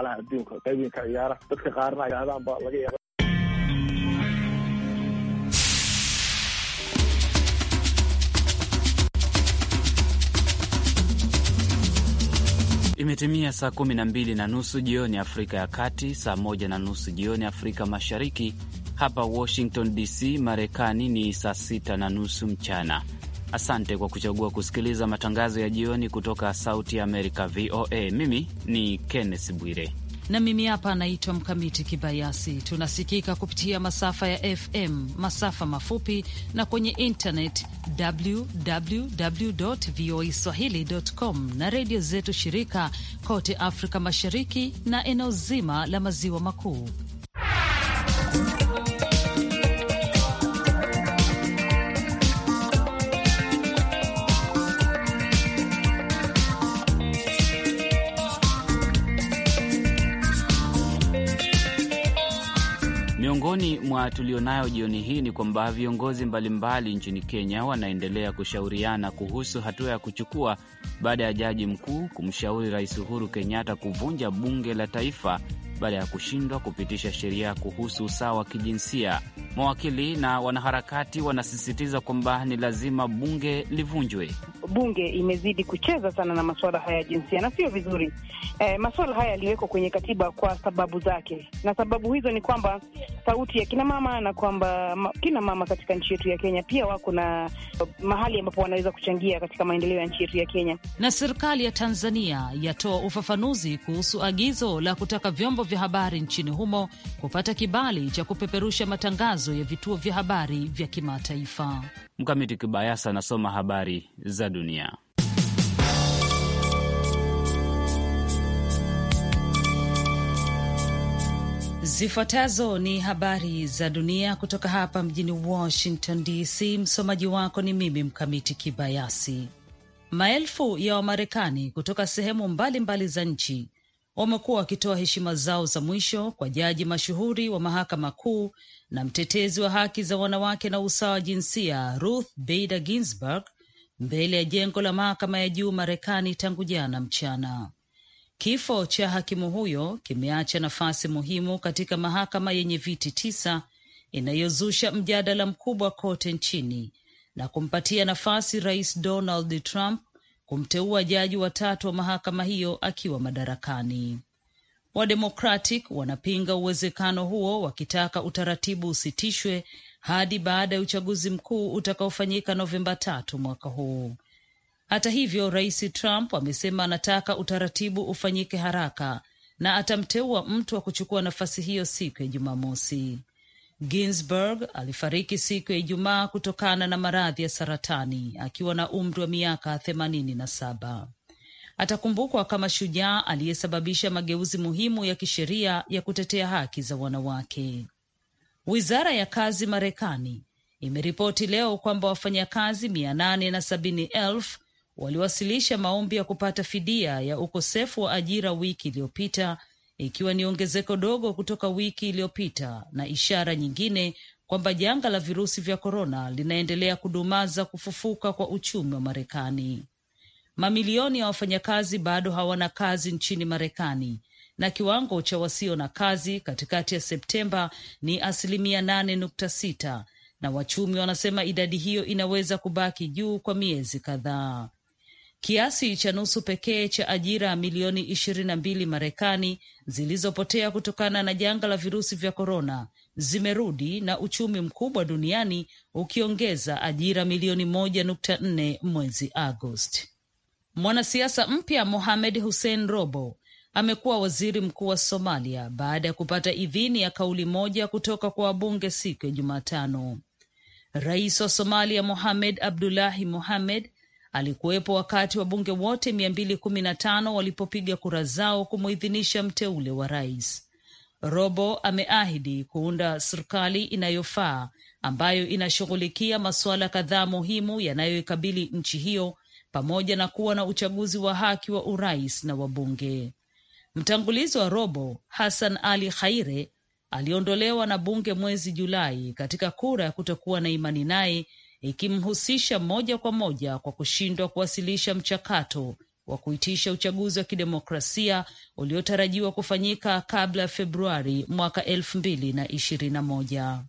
alaha adduunka qaybin ka ciyaara dadka qaarna adaanba laga yaaba. Imetimia saa kumi na mbili na nusu jioni Afrika ya Kati, saa moja na nusu jioni Afrika Mashariki. Hapa Washington DC, Marekani ni saa sita na nusu mchana. Asante kwa kuchagua kusikiliza matangazo ya jioni kutoka Sauti ya Amerika, VOA. Mimi ni Kenneth Bwire na mimi hapa naitwa Mkamiti Kibayasi. Tunasikika kupitia masafa ya FM, masafa mafupi na kwenye internet www voa swahili.com, na redio zetu shirika kote Afrika Mashariki na eneo zima la Maziwa Makuu. Miongoni mwa tulionayo jioni hii ni kwamba viongozi mbalimbali nchini Kenya wanaendelea kushauriana kuhusu hatua ya kuchukua baada ya jaji mkuu kumshauri Rais Uhuru Kenyatta kuvunja bunge la taifa baada ya kushindwa kupitisha sheria kuhusu usawa wa kijinsia. Mawakili na wanaharakati wanasisitiza kwamba ni lazima bunge livunjwe. Bunge imezidi kucheza sana na masuala haya ya jinsia na sio vizuri. Eh, masuala haya yaliwekwa kwenye katiba kwa sababu zake, na sababu hizo ni kwamba sauti ya kinamama na kwamba kina mama katika nchi yetu ya Kenya pia wako na mahali ambapo wanaweza kuchangia katika maendeleo ya nchi yetu ya Kenya. Na serikali ya Tanzania yatoa ufafanuzi kuhusu agizo la kutaka vyombo vya habari nchini humo kupata kibali cha kupeperusha matangazo ya vituo vya habari vya kimataifa. Mkamiti Kibayasa anasoma habari za dunia. Zifuatazo ni habari za dunia kutoka hapa mjini Washington DC. Msomaji wako ni mimi Mkamiti Kibayasi. Maelfu ya Wamarekani kutoka sehemu mbalimbali mbali za nchi wamekuwa wakitoa heshima zao za mwisho kwa jaji mashuhuri wa mahakama kuu na mtetezi wa haki za wanawake na usawa wa jinsia Ruth Bader Ginsburg mbele ya jengo la mahakama ya juu Marekani tangu jana mchana. Kifo cha hakimu huyo kimeacha nafasi muhimu katika mahakama yenye viti tisa inayozusha mjadala mkubwa kote nchini na kumpatia nafasi Rais Donald Trump kumteua jaji watatu wa mahakama hiyo akiwa madarakani. Wademokratic wanapinga uwezekano huo, wakitaka utaratibu usitishwe hadi baada ya uchaguzi mkuu utakaofanyika Novemba tatu mwaka huu. Hata hivyo, rais Trump amesema anataka utaratibu ufanyike haraka na atamteua mtu wa kuchukua nafasi hiyo siku ya Jumamosi. Ginsburg alifariki siku ya Ijumaa kutokana na maradhi ya saratani akiwa na umri wa miaka themanini na saba. Atakumbukwa kama shujaa aliyesababisha mageuzi muhimu ya kisheria ya kutetea haki za wanawake. Wizara ya kazi Marekani imeripoti leo kwamba wafanyakazi mia nane na sabini elfu waliwasilisha maombi ya kupata fidia ya ukosefu wa ajira wiki iliyopita ikiwa ni ongezeko dogo kutoka wiki iliyopita na ishara nyingine kwamba janga la virusi vya korona linaendelea kudumaza kufufuka kwa uchumi wa Marekani. Mamilioni ya wafanyakazi bado hawana kazi nchini Marekani na kiwango cha wasio na kazi katikati ya Septemba ni asilimia nane nukta sita na wachumi wanasema idadi hiyo inaweza kubaki juu kwa miezi kadhaa kiasi cha nusu pekee cha ajira milioni ishirini na mbili Marekani zilizopotea kutokana na janga la virusi vya korona zimerudi na uchumi mkubwa duniani ukiongeza ajira milioni moja nukta nne mwezi Agosti. Mwanasiasa mpya Mohamed Hussein Robo amekuwa waziri mkuu wa Somalia baada ya kupata idhini ya kauli moja kutoka kwa wabunge siku ya Jumatano. Rais wa Somalia Mohamed Abdullahi Mohamed Alikuwepo wakati wa bunge wote 215 walipopiga kura zao kumuidhinisha mteule wa rais. Robo ameahidi kuunda serikali inayofaa ambayo inashughulikia masuala kadhaa muhimu yanayoikabili nchi hiyo pamoja na kuwa na uchaguzi wa haki wa urais na wabunge. Mtangulizi wa Robo, Hassan Ali Khaire, aliondolewa na bunge mwezi Julai katika kura ya kutokuwa na imani naye ikimhusisha moja kwa moja kwa kushindwa kuwasilisha mchakato wa kuitisha uchaguzi wa kidemokrasia uliotarajiwa kufanyika kabla ya Februari mwaka elfu mbili na ishirini na moja.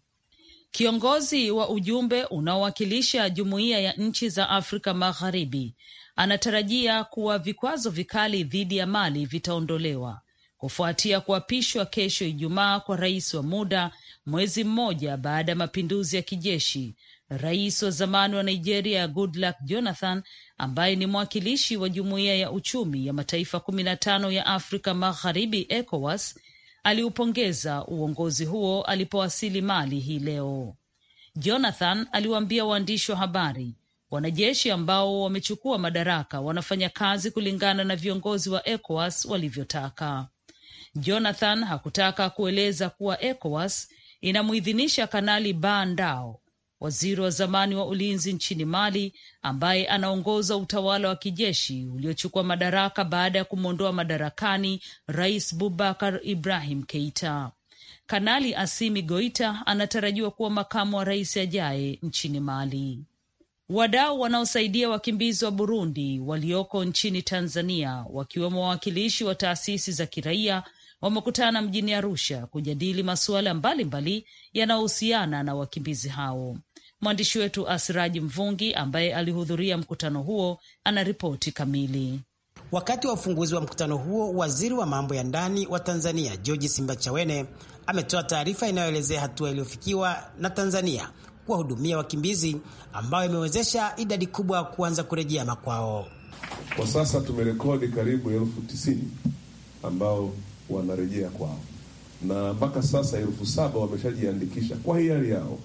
Kiongozi wa ujumbe unaowakilisha jumuiya ya nchi za Afrika Magharibi anatarajia kuwa vikwazo vikali dhidi ya Mali vitaondolewa kufuatia kuapishwa kesho Ijumaa kwa rais wa muda, mwezi mmoja baada ya mapinduzi ya kijeshi Rais wa zamani wa Nigeria Goodluck Jonathan, ambaye ni mwakilishi wa Jumuiya ya Uchumi ya Mataifa kumi na tano ya Afrika Magharibi, ECOWAS, aliupongeza uongozi huo alipowasili Mali hii leo. Jonathan aliwaambia waandishi wa habari, wanajeshi ambao wamechukua madaraka wanafanya kazi kulingana na viongozi wa ECOWAS walivyotaka. Jonathan hakutaka kueleza kuwa ECOWAS inamuidhinisha Kanali Ba Ndao waziri wa zamani wa ulinzi nchini Mali ambaye anaongoza utawala wa kijeshi uliochukua madaraka baada ya kumwondoa madarakani Rais Bubakar Ibrahim Keita. Kanali Asimi Goita anatarajiwa kuwa makamu wa rais ajaye nchini Mali. Wadau wanaosaidia wakimbizi wa Burundi walioko nchini Tanzania, wakiwemo wawakilishi wa taasisi za kiraia wamekutana mjini Arusha kujadili masuala mbalimbali yanayohusiana na wakimbizi hao. Mwandishi wetu Asiraji Mvungi ambaye alihudhuria mkutano huo ana ripoti kamili. Wakati wa ufunguzi wa mkutano huo, waziri wa mambo ya ndani wa Tanzania George Simbachawene ametoa taarifa inayoelezea hatua iliyofikiwa na Tanzania kuwahudumia wakimbizi ambayo imewezesha idadi kubwa kuanza kurejea makwao. Kwa sasa tumerekodi karibu elfu tisini ambao wanarejea kwao, na mpaka sasa elfu saba wameshajiandikisha kwa hiari yao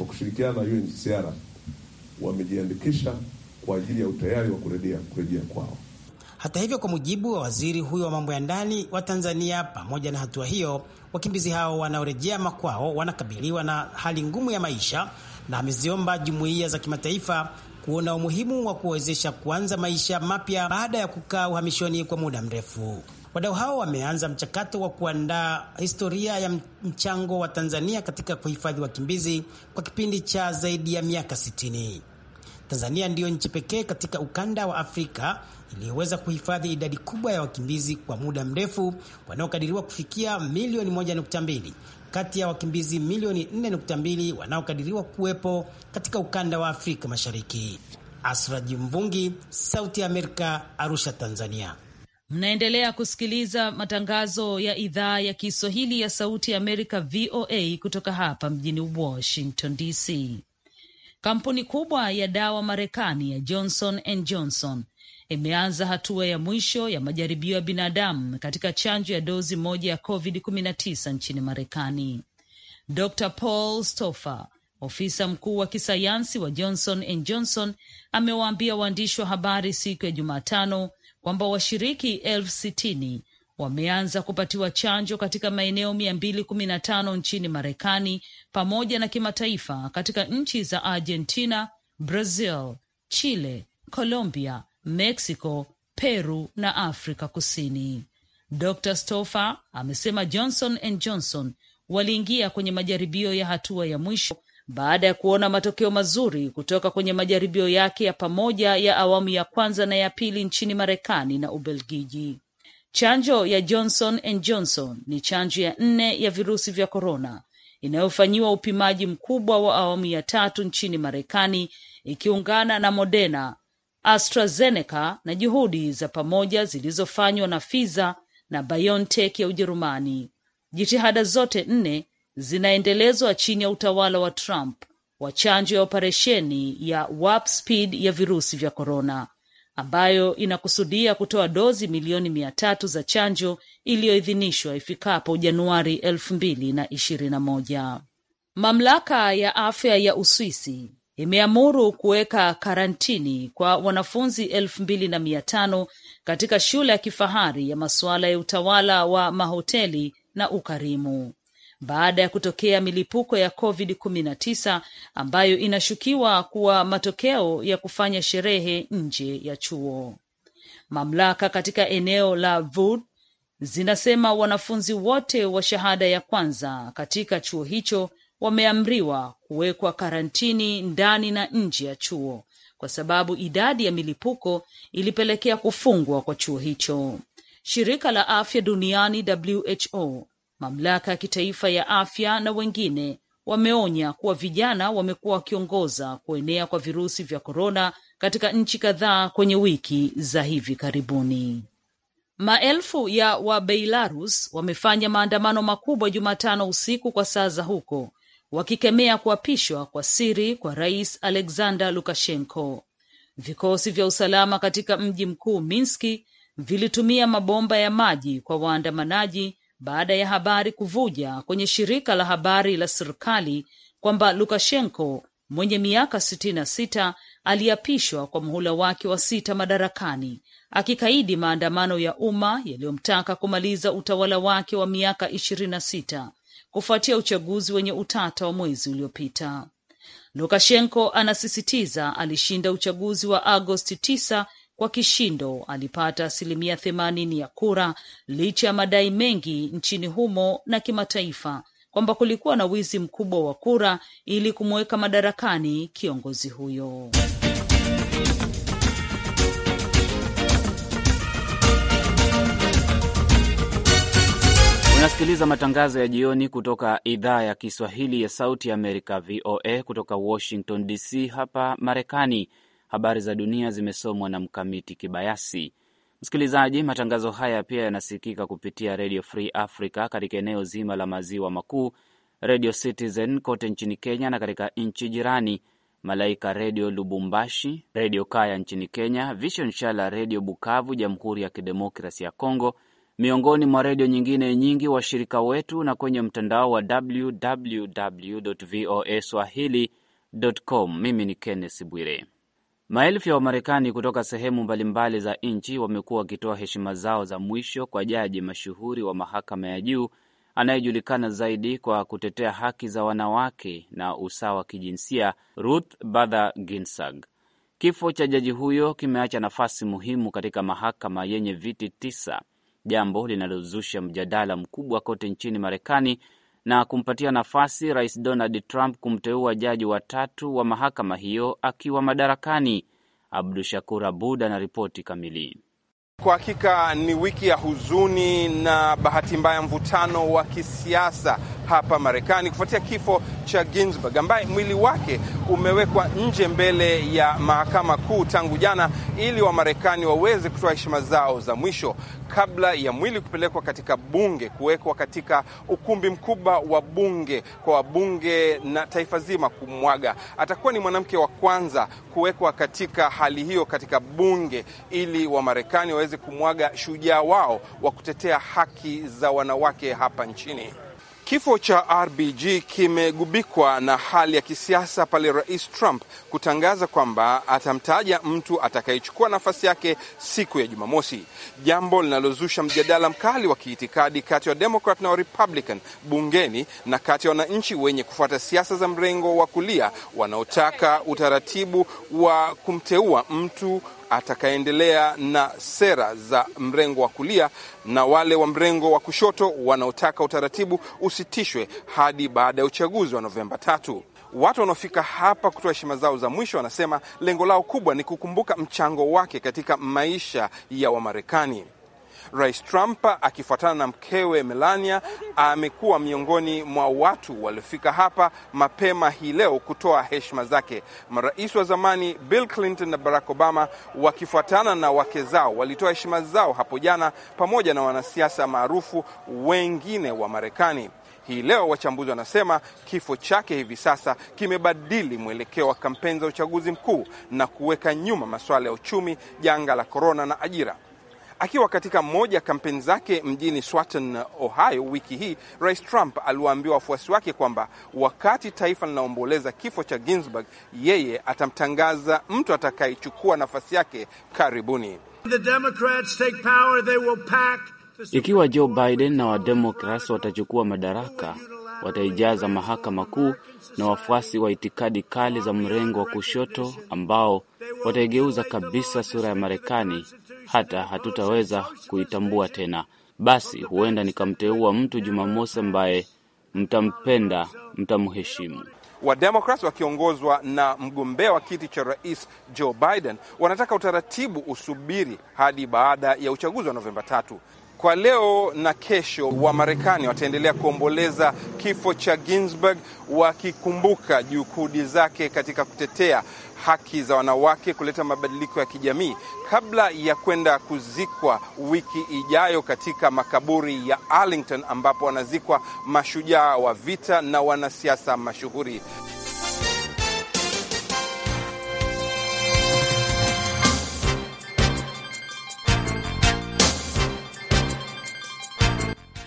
kwa kushirikiana na UNHCR wamejiandikisha kwa ajili ya utayari wa kurejea kurejea kwao. Hata hivyo, kwa mujibu wa waziri huyo wa mambo ya ndani wa Tanzania, pamoja na hatua hiyo, wakimbizi hao wanaorejea makwao wanakabiliwa na hali ngumu ya maisha, na ameziomba jumuiya za kimataifa kuona umuhimu wa kuwezesha kuanza maisha mapya baada ya kukaa uhamishoni kwa muda mrefu. Wadau hao wameanza mchakato wa kuandaa historia ya mchango wa Tanzania katika kuhifadhi wakimbizi kwa kipindi cha zaidi ya miaka 60. Tanzania ndiyo nchi pekee katika ukanda wa Afrika iliyoweza kuhifadhi idadi kubwa ya wakimbizi kwa muda mrefu wanaokadiriwa kufikia milioni 1.2 kati ya wakimbizi milioni 4.2 wanaokadiriwa kuwepo katika ukanda wa Afrika Mashariki. Asraji Mvungi, Sauti ya Amerika, Arusha, Tanzania. Mnaendelea kusikiliza matangazo ya idhaa ya Kiswahili ya Sauti ya Amerika, VOA, kutoka hapa mjini Washington DC. Kampuni kubwa ya dawa Marekani ya Johnson and Johnson imeanza hatua ya mwisho ya majaribio ya binadamu katika chanjo ya dozi moja ya COVID-19 nchini Marekani. Dr Paul Stofer, ofisa mkuu wa kisayansi wa Johnson and Johnson, amewaambia waandishi wa habari siku ya Jumatano kwamba washiriki elfu sitini wameanza kupatiwa chanjo katika maeneo mia mbili kumi na tano nchini Marekani pamoja na kimataifa katika nchi za Argentina, Brazil, Chile, Colombia, Mexico, Peru na Afrika Kusini. Dr Stofer amesema Johnson and Johnson waliingia kwenye majaribio ya hatua ya mwisho baada ya kuona matokeo mazuri kutoka kwenye majaribio yake ya pamoja ya awamu ya kwanza na ya pili nchini Marekani na Ubelgiji. Chanjo ya Johnson and Johnson ni chanjo ya nne ya virusi vya korona inayofanyiwa upimaji mkubwa wa awamu ya tatu nchini Marekani ikiungana na Moderna, AstraZeneca na juhudi za pamoja zilizofanywa na Pfizer na BioNTech ya Ujerumani. Jitihada zote nne zinaendelezwa chini ya utawala wa Trump wa chanjo ya operesheni ya Warp Speed ya virusi vya korona ambayo inakusudia kutoa dozi milioni mia tatu za chanjo iliyoidhinishwa ifikapo Januari elfu mbili na ishirini na moja. Mamlaka ya afya ya Uswisi imeamuru kuweka karantini kwa wanafunzi elfu mbili na mia tano katika shule ya kifahari ya masuala ya utawala wa mahoteli na ukarimu baada ya kutokea milipuko ya COVID-19 ambayo inashukiwa kuwa matokeo ya kufanya sherehe nje ya chuo. Mamlaka katika eneo la Vud zinasema wanafunzi wote wa shahada ya kwanza katika chuo hicho wameamriwa kuwekwa karantini ndani na nje ya chuo kwa sababu idadi ya milipuko ilipelekea kufungwa kwa chuo hicho. Shirika la afya duniani WHO mamlaka ya kitaifa ya afya na wengine wameonya kuwa vijana wamekuwa wakiongoza kuenea kwa virusi vya korona katika nchi kadhaa kwenye wiki za hivi karibuni. Maelfu ya Wabelarus wamefanya maandamano makubwa Jumatano usiku kwa saa za huko, wakikemea kuapishwa kwa siri kwa rais Alexander Lukashenko. Vikosi vya usalama katika mji mkuu Minski vilitumia mabomba ya maji kwa waandamanaji baada ya habari kuvuja kwenye shirika la habari la serikali kwamba Lukashenko mwenye miaka sitini na sita aliapishwa kwa mhula wake wa sita madarakani akikaidi maandamano ya umma yaliyomtaka kumaliza utawala wake wa miaka ishirini na sita kufuatia uchaguzi wenye utata wa mwezi uliopita. Lukashenko anasisitiza alishinda uchaguzi wa Agosti 9 kwa kishindo alipata asilimia themanini ya kura licha ya madai mengi nchini humo na kimataifa kwamba kulikuwa na wizi mkubwa wa kura ili kumuweka madarakani kiongozi huyo. Unasikiliza matangazo ya jioni kutoka idhaa ya Kiswahili ya Sauti ya Amerika, VOA, kutoka Washington DC hapa Marekani. Habari za dunia zimesomwa na Mkamiti Kibayasi. Msikilizaji, matangazo haya pia yanasikika kupitia Redio Free Africa katika eneo zima la maziwa makuu, Redio Citizen kote nchini Kenya na katika nchi jirani, Malaika Redio Lubumbashi, Redio Kaya nchini Kenya, Vision Shala Redio Bukavu, Jamhuri ya Kidemokrasi ya congo miongoni mwa redio nyingine nyingi washirika wetu, na kwenye mtandao wa www voa swahili com. Mimi ni Kenneth Bwire. Maelfu ya Wamarekani kutoka sehemu mbalimbali za nchi wamekuwa wakitoa heshima zao za mwisho kwa jaji mashuhuri wa mahakama ya juu anayejulikana zaidi kwa kutetea haki za wanawake na usawa wa kijinsia Ruth Bader Ginsburg. Kifo cha jaji huyo kimeacha nafasi muhimu katika mahakama yenye viti tisa, jambo linalozusha mjadala mkubwa kote nchini Marekani na kumpatia nafasi Rais Donald Trump kumteua jaji watatu wa mahakama hiyo akiwa madarakani. Abdu Shakur Abud anaripoti kamili. Kwa hakika ni wiki ya huzuni na bahati mbaya mvutano wa kisiasa hapa Marekani kufuatia kifo cha Ginsburg ambaye mwili wake umewekwa nje mbele ya mahakama kuu tangu jana ili Wamarekani waweze kutoa heshima zao za mwisho kabla ya mwili kupelekwa katika bunge kuwekwa katika ukumbi mkubwa wa bunge kwa wabunge na taifa zima kumwaga. Atakuwa ni mwanamke wa kwanza kuwekwa katika hali hiyo katika bunge ili Wamarekani waweze kumwaga shujaa wao wa kutetea haki za wanawake hapa nchini. Kifo cha RBG kimegubikwa na hali ya kisiasa pale Rais Trump kutangaza kwamba atamtaja mtu atakayechukua nafasi yake siku ya Jumamosi, jambo linalozusha mjadala mkali wa kiitikadi kati ya Democrat na wa Republican bungeni na kati ya wananchi wenye kufuata siasa za mrengo wa kulia wanaotaka utaratibu wa kumteua mtu atakaendelea na sera za mrengo wa kulia na wale wa mrengo wa kushoto wanaotaka utaratibu usitishwe hadi baada ya uchaguzi wa Novemba tatu. Watu wanaofika hapa kutoa heshima zao za mwisho wanasema lengo lao kubwa ni kukumbuka mchango wake katika maisha ya Wamarekani. Rais Trump akifuatana na mkewe Melania amekuwa miongoni mwa watu waliofika hapa mapema hii leo kutoa heshima zake. Marais wa zamani Bill Clinton na Barack Obama wakifuatana na wake zao walitoa heshima zao hapo jana, pamoja na wanasiasa maarufu wengine wa Marekani. Hii leo wachambuzi wanasema kifo chake hivi sasa kimebadili mwelekeo wa kampeni za uchaguzi mkuu na kuweka nyuma masuala ya uchumi, janga la korona na ajira. Akiwa katika moja ya kampeni zake mjini Swarton, Ohio wiki hii, Rais Trump aliwaambia wafuasi wake kwamba wakati taifa linaomboleza kifo cha Ginsburg, yeye atamtangaza mtu atakayechukua nafasi yake karibuni. Ikiwa Joe Biden na Wademokrats watachukua madaraka, wataijaza mahakama kuu na wafuasi wa itikadi kali za mrengo wa kushoto ambao wataigeuza kabisa sura ya Marekani hata hatutaweza kuitambua tena. Basi huenda nikamteua mtu Jumamosi ambaye mtampenda, mtamheshimu. Wademokrat wakiongozwa na mgombea wa kiti cha rais Joe Biden wanataka utaratibu usubiri hadi baada ya uchaguzi wa Novemba tatu. Kwa leo na kesho, Wamarekani wataendelea kuomboleza kifo cha Ginsburg wakikumbuka juhudi zake katika kutetea haki za wanawake kuleta mabadiliko ya kijamii kabla ya kwenda kuzikwa wiki ijayo katika makaburi ya Arlington ambapo wanazikwa mashujaa wa vita na wanasiasa mashuhuri.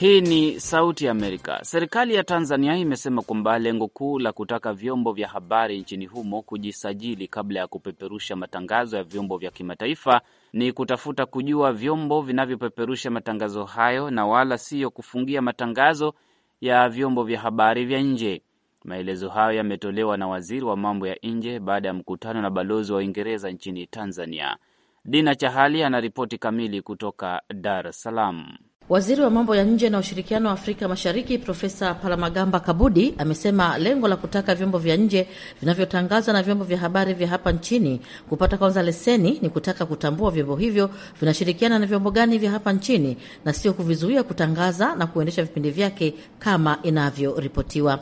Hii ni Sauti Amerika. Serikali ya Tanzania imesema kwamba lengo kuu la kutaka vyombo vya habari nchini humo kujisajili kabla ya kupeperusha matangazo ya vyombo vya kimataifa ni kutafuta kujua vyombo vinavyopeperusha matangazo hayo na wala siyo kufungia matangazo ya vyombo vya habari vya nje. Maelezo hayo yametolewa na waziri wa mambo ya nje baada ya mkutano na balozi wa Uingereza nchini Tanzania. Dina Chahali anaripoti kamili kutoka Dar es Salaam. Waziri wa mambo ya nje na ushirikiano wa Afrika Mashariki Profesa Palamagamba Kabudi amesema lengo la kutaka vyombo vya nje vinavyotangaza na vyombo vya habari vya hapa nchini kupata kwanza leseni ni kutaka kutambua vyombo hivyo vinashirikiana na vyombo gani vya hapa nchini na sio kuvizuia kutangaza na kuendesha vipindi vyake kama inavyoripotiwa.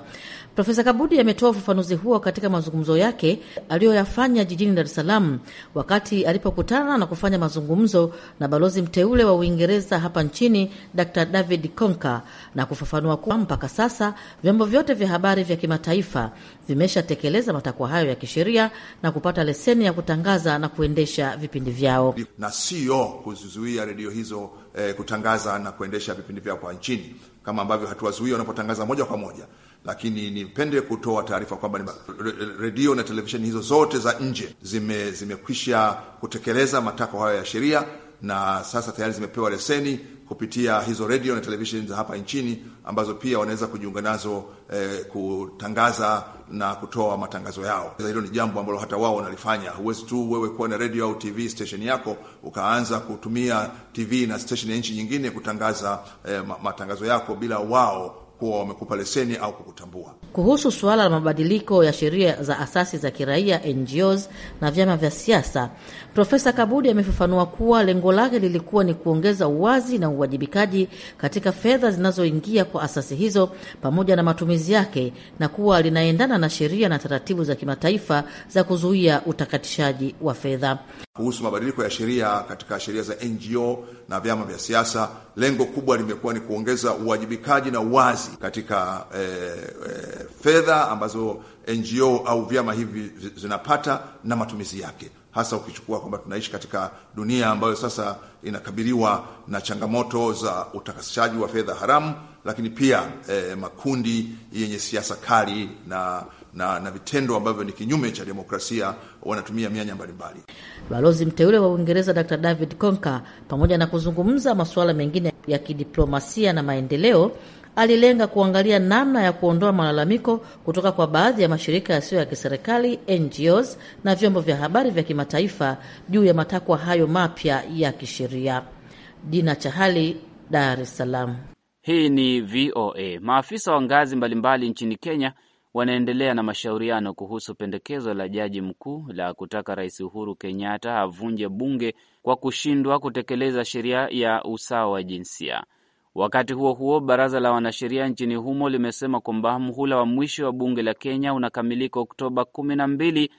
Profesa Kabudi ametoa ufafanuzi huo katika mazungumzo yake aliyoyafanya jijini Dar es Salaam wakati alipokutana na kufanya mazungumzo na balozi mteule wa Uingereza hapa nchini Dr David Conker, na kufafanua kuwa mpaka sasa vyombo vyote vya habari vya kimataifa vimeshatekeleza matakwa hayo ya kisheria na kupata leseni ya kutangaza na kuendesha vipindi vyao, na sio kuzuia redio hizo eh, kutangaza na kuendesha vipindi vyao kwa nchini, kama ambavyo hatuwazuia wanapotangaza moja kwa moja lakini nipende kutoa taarifa kwamba redio na televisheni hizo zote za nje zime zimekwisha kutekeleza matakwa hayo ya sheria na sasa tayari zimepewa leseni kupitia hizo redio na televisheni za hapa nchini ambazo pia wanaweza kujiunga nazo eh, kutangaza na kutoa matangazo yao. Hilo ni jambo ambalo hata wao wanalifanya. Huwezi tu wewe kuwa na redio au TV station yako ukaanza kutumia TV na station ya nchi nyingine kutangaza eh, matangazo yako bila wao kuwa wamekupa leseni au kukutambua. Kuhusu suala la mabadiliko ya sheria za asasi za kiraia, NGOs na vyama vya siasa, Profesa Kabudi amefafanua kuwa lengo lake lilikuwa ni kuongeza uwazi na uwajibikaji katika fedha zinazoingia kwa asasi hizo pamoja na matumizi yake, na kuwa linaendana na sheria na taratibu za kimataifa za kuzuia utakatishaji wa fedha. Kuhusu mabadiliko ya sheria katika sheria za NGO na vyama vya siasa, lengo kubwa limekuwa ni kuongeza uwajibikaji na uwazi katika e, e, fedha ambazo NGO au vyama hivi zinapata na matumizi yake, hasa ukichukua kwamba tunaishi katika dunia ambayo sasa inakabiliwa na changamoto za utakasishaji wa fedha haramu, lakini pia e, makundi yenye siasa kali na na, na vitendo ambavyo ni kinyume cha demokrasia wanatumia mianya mbalimbali. Balozi mteule wa Uingereza Dr David Conker, pamoja na kuzungumza masuala mengine ya kidiplomasia na maendeleo alilenga kuangalia namna ya kuondoa malalamiko kutoka kwa baadhi ya mashirika yasiyo ya kiserikali NGOs na vyombo vya habari vya kimataifa juu ya matakwa hayo mapya ya kisheria. Dina Chahali, Dar es Salaam. Hii ni VOA. Maafisa wa ngazi mbalimbali nchini Kenya wanaendelea na mashauriano kuhusu pendekezo la jaji mkuu la kutaka Rais Uhuru Kenyatta avunje bunge kwa kushindwa kutekeleza sheria ya usawa wa jinsia. Wakati huo huo, baraza la wanasheria nchini humo limesema kwamba mhula wa mwisho wa bunge la Kenya unakamilika Oktoba kumi na mbili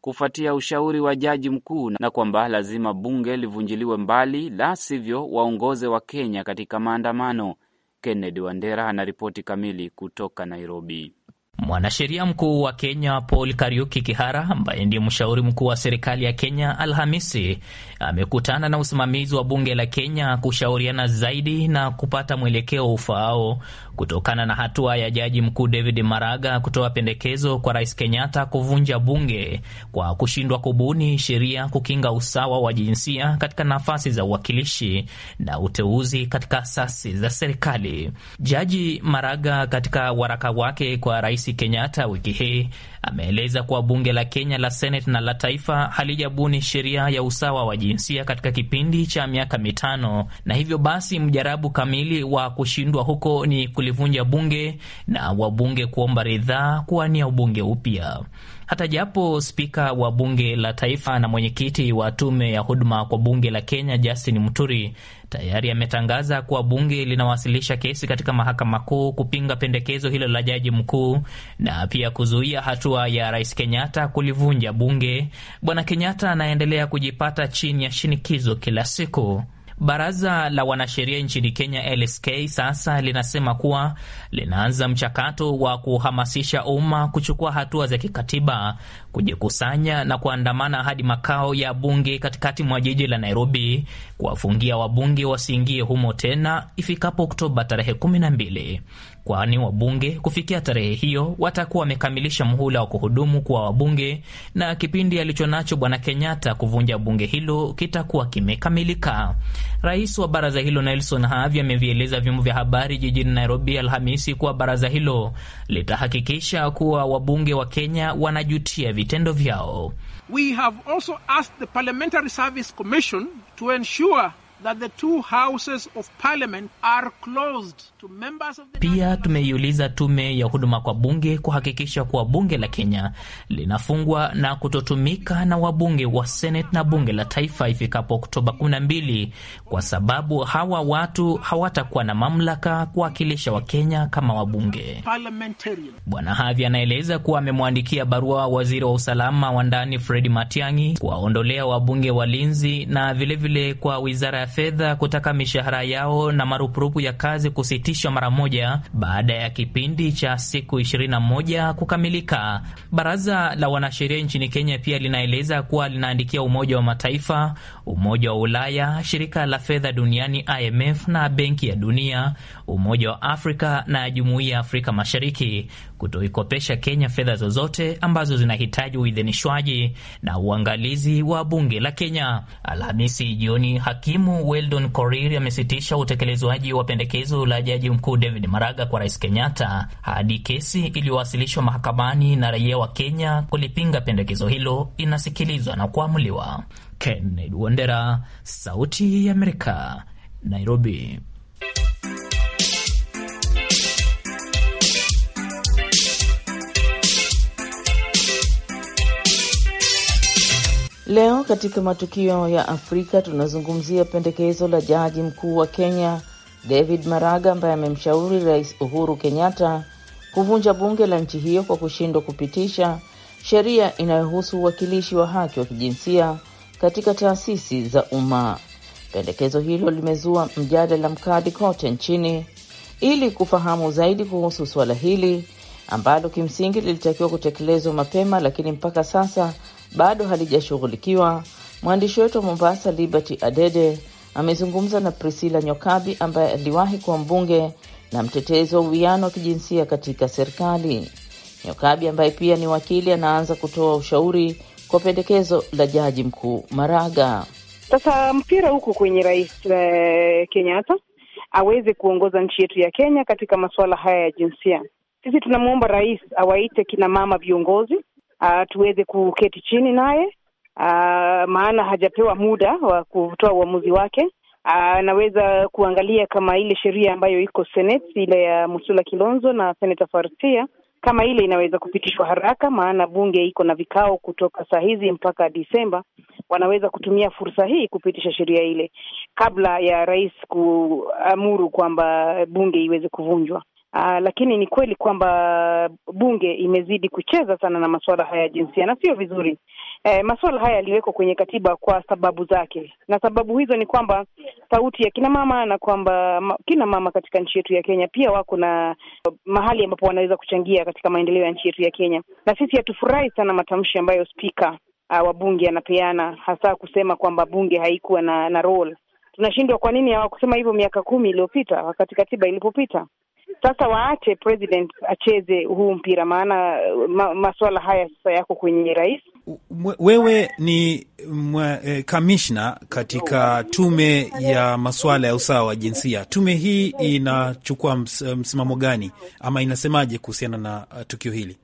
kufuatia ushauri wa jaji mkuu na kwamba lazima bunge livunjiliwe mbali, la sivyo waongoze wa Kenya katika maandamano. Kennedy Wandera anaripoti kamili kutoka Nairobi. Mwanasheria mkuu wa Kenya Paul Kariuki Kihara, ambaye ndiye mshauri mkuu wa serikali ya Kenya, Alhamisi amekutana na usimamizi wa bunge la Kenya kushauriana zaidi na kupata mwelekeo ufaao kutokana na hatua ya jaji mkuu David Maraga kutoa pendekezo kwa rais Kenyatta kuvunja bunge kwa kushindwa kubuni sheria kukinga usawa wa jinsia katika nafasi za uwakilishi na uteuzi katika asasi za serikali. Jaji Maraga katika waraka wake kwa rais Kenyatta wiki hii ameeleza kuwa bunge la Kenya la Seneti na la taifa halijabuni sheria ya usawa wa jinsia katika kipindi cha miaka mitano, na hivyo basi mjarabu kamili wa kushindwa huko ni kulivunja bunge na wabunge kuomba ridhaa kuwania ubunge upya. Hata japo spika wa bunge la taifa na mwenyekiti wa tume ya huduma kwa bunge la Kenya Justin Muturi tayari ametangaza kuwa bunge linawasilisha kesi katika mahakama kuu kupinga pendekezo hilo la jaji mkuu na pia kuzuia hatua hatua ya rais Kenyatta kulivunja bunge, bwana Kenyatta anaendelea kujipata chini ya shinikizo kila siku. Baraza la wanasheria nchini Kenya, LSK, sasa linasema kuwa linaanza mchakato wa kuhamasisha umma kuchukua hatua za kikatiba, kujikusanya na kuandamana hadi makao ya bunge katikati mwa jiji la Nairobi, kuwafungia wabunge wasiingie humo tena ifikapo Oktoba tarehe 12 kwani wabunge kufikia tarehe hiyo watakuwa wamekamilisha mhula wa kuhudumu kuwa wabunge na kipindi alichonacho Bwana Kenyatta kuvunja bunge hilo kitakuwa kimekamilika. Rais wa baraza hilo Nelson Havi amevieleza vyombo vya habari jijini Nairobi Alhamisi kuwa baraza hilo litahakikisha kuwa wabunge wa Kenya wanajutia vitendo vyao. We have also asked the Parliamentary Service Commission to ensure pia tumeiuliza tume ya huduma kwa bunge kuhakikisha kuwa bunge la Kenya linafungwa na kutotumika na wabunge wa Senate na bunge la taifa ifikapo Oktoba 12 kwa sababu hawa watu hawatakuwa na mamlaka kuwakilisha Wakenya kama wabunge. Bwana Havi anaeleza kuwa amemwandikia barua waziri wa usalama wa ndani Fredi Matiang'i kuwaondolea wabunge walinzi na vilevile vile kwa wizara ya fedha kutaka mishahara yao na marupurupu ya kazi kusitishwa mara moja baada ya kipindi cha siku 21 kukamilika. Baraza la wanasheria nchini Kenya pia linaeleza kuwa linaandikia Umoja wa Mataifa, Umoja wa Ulaya, Shirika la Fedha Duniani IMF na Benki ya Dunia, Umoja wa Afrika na Jumuiya ya Afrika Mashariki kutoikopesha Kenya fedha zozote ambazo zinahitaji uidhinishwaji na uangalizi wa bunge la Kenya. Alhamisi jioni hakimu Weldon Korir amesitisha utekelezwaji wa pendekezo la jaji mkuu David Maraga kwa rais Kenyatta hadi kesi iliyowasilishwa mahakamani na raia wa Kenya kulipinga pendekezo hilo inasikilizwa na kuamuliwa. Kennedy Wandera, Sauti ya Amerika, Nairobi. Leo katika matukio ya Afrika tunazungumzia pendekezo la jaji mkuu wa Kenya David Maraga ambaye amemshauri Rais Uhuru Kenyatta kuvunja bunge la nchi hiyo kwa kushindwa kupitisha sheria inayohusu uwakilishi wa haki wa kijinsia katika taasisi za umma. Pendekezo hilo limezua mjadala mkali kote nchini. Ili kufahamu zaidi kuhusu suala hili ambalo kimsingi lilitakiwa kutekelezwa mapema, lakini mpaka sasa bado halijashughulikiwa. Mwandishi wetu wa Mombasa, Liberty Adede, amezungumza na Priscilla Nyokabi ambaye aliwahi kuwa mbunge na mtetezi wa uwiano wa kijinsia katika serikali. Nyokabi ambaye pia ni wakili anaanza kutoa ushauri kwa pendekezo la Jaji Mkuu Maraga. Sasa mpira huko kwenye Rais uh, Kenyatta aweze kuongoza nchi yetu ya Kenya katika masuala haya ya jinsia. Sisi tunamwomba rais awaite kina mama viongozi uh, tuweze kuketi chini naye uh, maana hajapewa muda wa kutoa uamuzi wake. Ah, anaweza uh, kuangalia kama ile sheria ambayo iko Senate ile ya Musula Kilonzo na senata Farsia kama ile inaweza kupitishwa haraka, maana bunge iko na vikao kutoka saa hizi mpaka Disemba. Wanaweza kutumia fursa hii kupitisha sheria ile kabla ya rais kuamuru kwamba bunge iweze kuvunjwa. Aa, ah, lakini ni kweli kwamba bunge imezidi kucheza sana na masuala haya ya jinsia na sio vizuri. E, eh, masuala haya yaliwekwa kwenye katiba kwa sababu zake, na sababu hizo ni kwamba sauti ya kina mama na kwamba ma, kina mama katika nchi yetu ya Kenya pia wako na uh, mahali ambapo wanaweza kuchangia katika maendeleo ya nchi yetu ya Kenya, na sisi hatufurahi sana matamshi ambayo spika uh, wa bunge anapeana, hasa kusema kwamba bunge haikuwa na na role. Tunashindwa kwa nini hawakusema hivyo miaka kumi iliyopita wakati katiba ilipopita. Sasa waache president acheze huu mpira, maana uh, ma, masuala haya sasa yako kwenye rais. Wewe ni eh, kamishna e, katika tume ya masuala ya usawa wa jinsia. Tume hii inachukua eh, msimamo gani ama inasemaje kuhusiana na uh, tukio hili?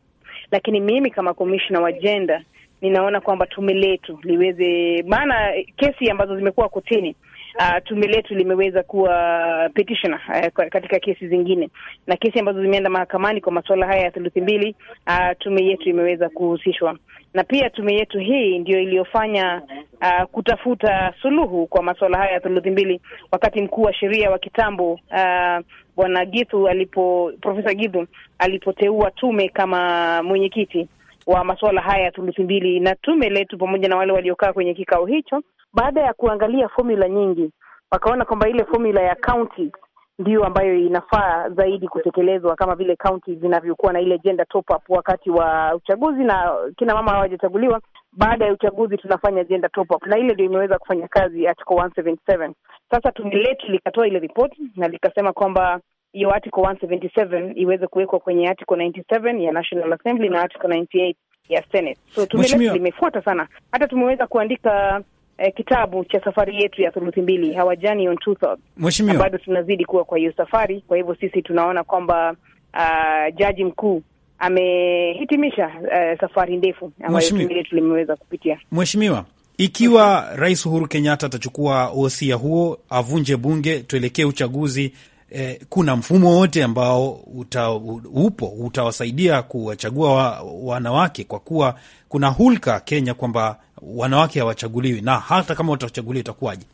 Lakini mimi kama komishna wa jenda ninaona kwamba tume letu liweze, maana kesi ambazo zimekuwa kotini uh, tume letu limeweza kuwa petitioner uh, katika kesi zingine na kesi ambazo zimeenda mahakamani kwa masuala haya ya theluthi mbili, uh, tume yetu imeweza kuhusishwa, na pia tume yetu hii ndio iliyofanya uh, kutafuta suluhu kwa masuala haya ya theluthi mbili, wakati mkuu wa sheria wa kitambo uh, bwana Githu alipo, Profesa Githu alipoteua tume kama mwenyekiti wa masuala haya ya thuluthi mbili, na tume letu pamoja na wale waliokaa kwenye kikao hicho, baada ya kuangalia fomula nyingi, wakaona kwamba ile fomula ya kaunti ndiyo ambayo inafaa zaidi kutekelezwa kama vile kaunti zinavyokuwa na ile gender top up wakati wa uchaguzi, na kina mama hawajachaguliwa. Baada ya uchaguzi tunafanya gender top up, na ile ndio imeweza kufanya kazi article 177. Sasa tume letu likatoa ile ripoti na likasema kwamba hiyo article 177 iweze kuwekwa kwenye article 97 ya National Assembly na article 98 ya Senate. So tume limefuata sana, hata tumeweza kuandika eh, kitabu cha safari yetu ya thuluthi mbili, Our Journey on Two Thirds. Mheshimiwa, bado tunazidi kuwa kwa hiyo safari. Kwa hivyo sisi tunaona kwamba uh, jaji mkuu amehitimisha uh, safari ndefu ambayo tume letu kupitia. Mheshimiwa, ikiwa Rais Uhuru Kenyatta atachukua wosia huo, avunje bunge, tuelekee uchaguzi eh, kuna mfumo wote ambao uta, upo utawasaidia kuwachagua wa, wanawake kwa kuwa kuna hulka Kenya kwamba wanawake hawachaguliwi na hata kama watachaguliwa itakuwaje?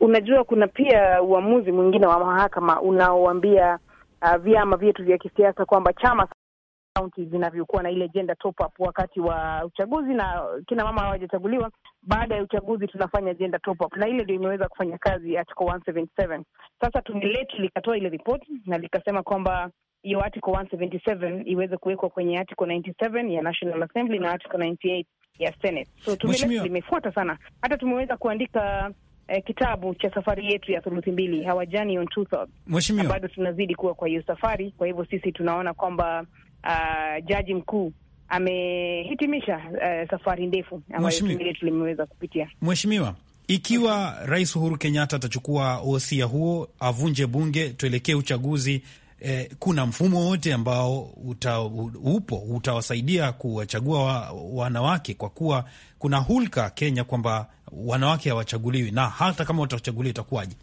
Unajua, kuna pia uamuzi mwingine wa mahakama unaoambia uh, vyama vyetu vya kisiasa kwamba chama kaunti zinavyokuwa na ile jenda top up wakati wa uchaguzi, na kina mama hawajachaguliwa. Baada ya uchaguzi tunafanya jenda top up, na ile ndio imeweza kufanya kazi article 177. Sasa tume likatoa ile ripoti na likasema kwamba hiyo article 177 iweze kuwekwa kwenye article 97 ya National Assembly na article 98 ya Senate. So tume limefuata sana, hata tumeweza kuandika Eh, kitabu cha safari yetu ya thuluthi mbili hawajani on two thirds, bado tunazidi kuwa kwa hiyo safari. Kwa hivyo sisi tunaona kwamba uh, jaji mkuu amehitimisha uh, safari ndefu ambayo tulimeweza kupitia. Mheshimiwa, ikiwa Rais Uhuru Kenyatta atachukua wosia huo, avunje bunge, tuelekee uchaguzi eh, kuna mfumo wote ambao uta, upo utawasaidia kuwachagua wa, wanawake kwa kuwa kuna hulka Kenya kwamba wanawake hawachaguliwi, na hata kama watachaguliwa itakuwaje?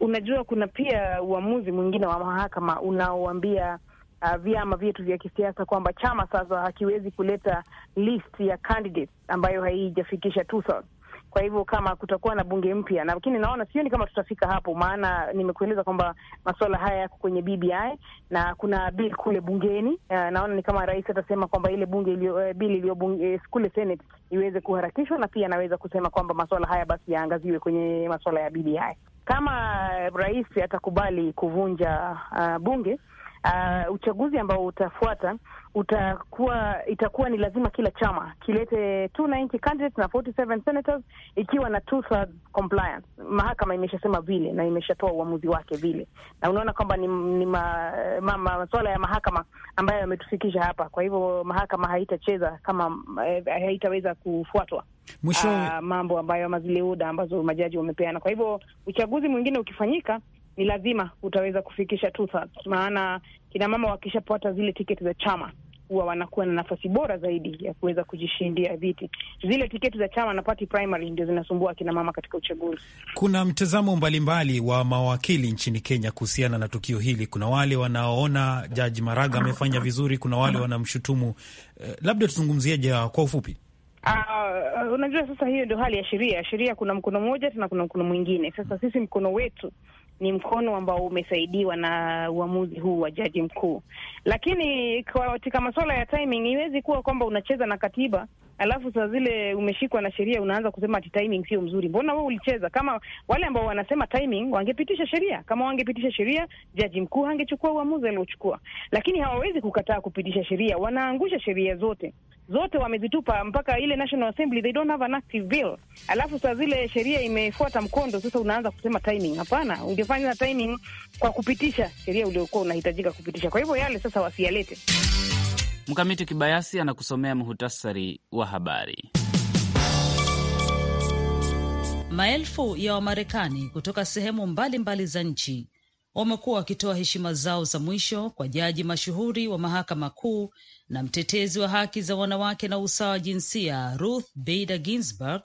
Unajua, kuna pia uamuzi mwingine wa mahakama unaoambia uh, vyama vyetu vya kisiasa kwamba chama sasa hakiwezi kuleta list ya candidates ambayo haijafikisha tusa. Kwa hivyo kama kutakuwa na bunge mpya, lakini naona sioni kama tutafika hapo, maana nimekueleza kwamba masuala haya yako kwenye BBI na kuna bill kule bungeni. Uh, naona ni kama rais atasema kwamba ile bunge ilio, uh, bill iliyo uh, eh, kule Senate iweze kuharakishwa, na pia anaweza kusema kwamba masuala haya basi yaangaziwe kwenye masuala ya BBI. Kama eh, rais atakubali kuvunja uh, bunge uh, uchaguzi ambao utafuata utakuwa itakuwa ni lazima kila chama kilete 290 candidates na 47 senators ikiwa na two-thirds compliance. Mahakama imeshasema vile na imeshatoa uamuzi wake vile, na unaona kwamba ni, ni ma, ma, ma, masuala ya mahakama ambayo yametufikisha hapa. Kwa hivyo mahakama haitacheza kama eh, haitaweza kufuatwa mwisho, uh, ah, mambo ambayo mazileuda ambazo majaji wamepeana. Kwa hivyo uchaguzi mwingine ukifanyika ni lazima utaweza kufikisha two thirds, maana kinamama wakishapata zile tiketi za chama huwa wanakuwa na nafasi bora zaidi ya kuweza kujishindia viti. Zile tiketi za chama na party primary ndio zinasumbua akina mama katika uchaguzi. Kuna mtazamo mbalimbali wa mawakili nchini Kenya kuhusiana na tukio hili. Kuna wale wanaoona Jaji Maraga amefanya vizuri, kuna wale wanamshutumu. Labda eh, labda tuzungumzieje kwa ufupi? Ah, uh, unajua sasa hiyo ndio hali ya sheria. Sheria kuna mkono mmoja tena kuna mkono mwingine. Sasa sisi mkono wetu ni mkono ambao umesaidiwa na uamuzi huu wa jaji mkuu. Lakini katika masuala ya timing, iwezi kuwa kwamba unacheza na katiba alafu saa zile umeshikwa na sheria unaanza kusema ati timing sio mzuri. Mbona wewe ulicheza? Kama wale ambao wanasema timing wangepitisha sheria, kama wangepitisha sheria, jaji mkuu angechukua uamuzi aliochukua. Lakini hawawezi kukataa kupitisha sheria, wanaangusha sheria zote zote wamezitupa, mpaka ile National Assembly they don't have an active bill. Alafu saa zile sheria imefuata mkondo, sasa unaanza kusema timing. Hapana, ungefanya timing kwa kupitisha sheria uliokuwa unahitajika kupitisha. Kwa hivyo yale sasa wasiyalete. Mkamiti Kibayasi anakusomea muhutasari wa habari. Maelfu ya Wamarekani kutoka sehemu mbalimbali mbali za nchi wamekuwa wakitoa heshima zao za mwisho kwa jaji mashuhuri wa mahakama kuu na mtetezi wa haki za wanawake na usawa wa jinsia Ruth Bader Ginsburg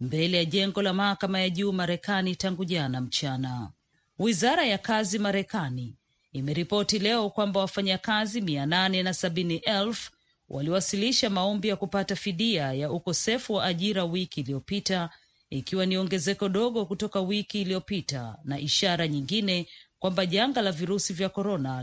mbele ya jengo la mahakama ya juu Marekani tangu jana mchana. Wizara ya kazi Marekani imeripoti leo kwamba wafanyakazi mia nane na sabini elfu waliwasilisha maombi ya kupata fidia ya ukosefu wa ajira wiki iliyopita, ikiwa ni ongezeko dogo kutoka wiki iliyopita na ishara nyingine kwamba janga la virusi vya korona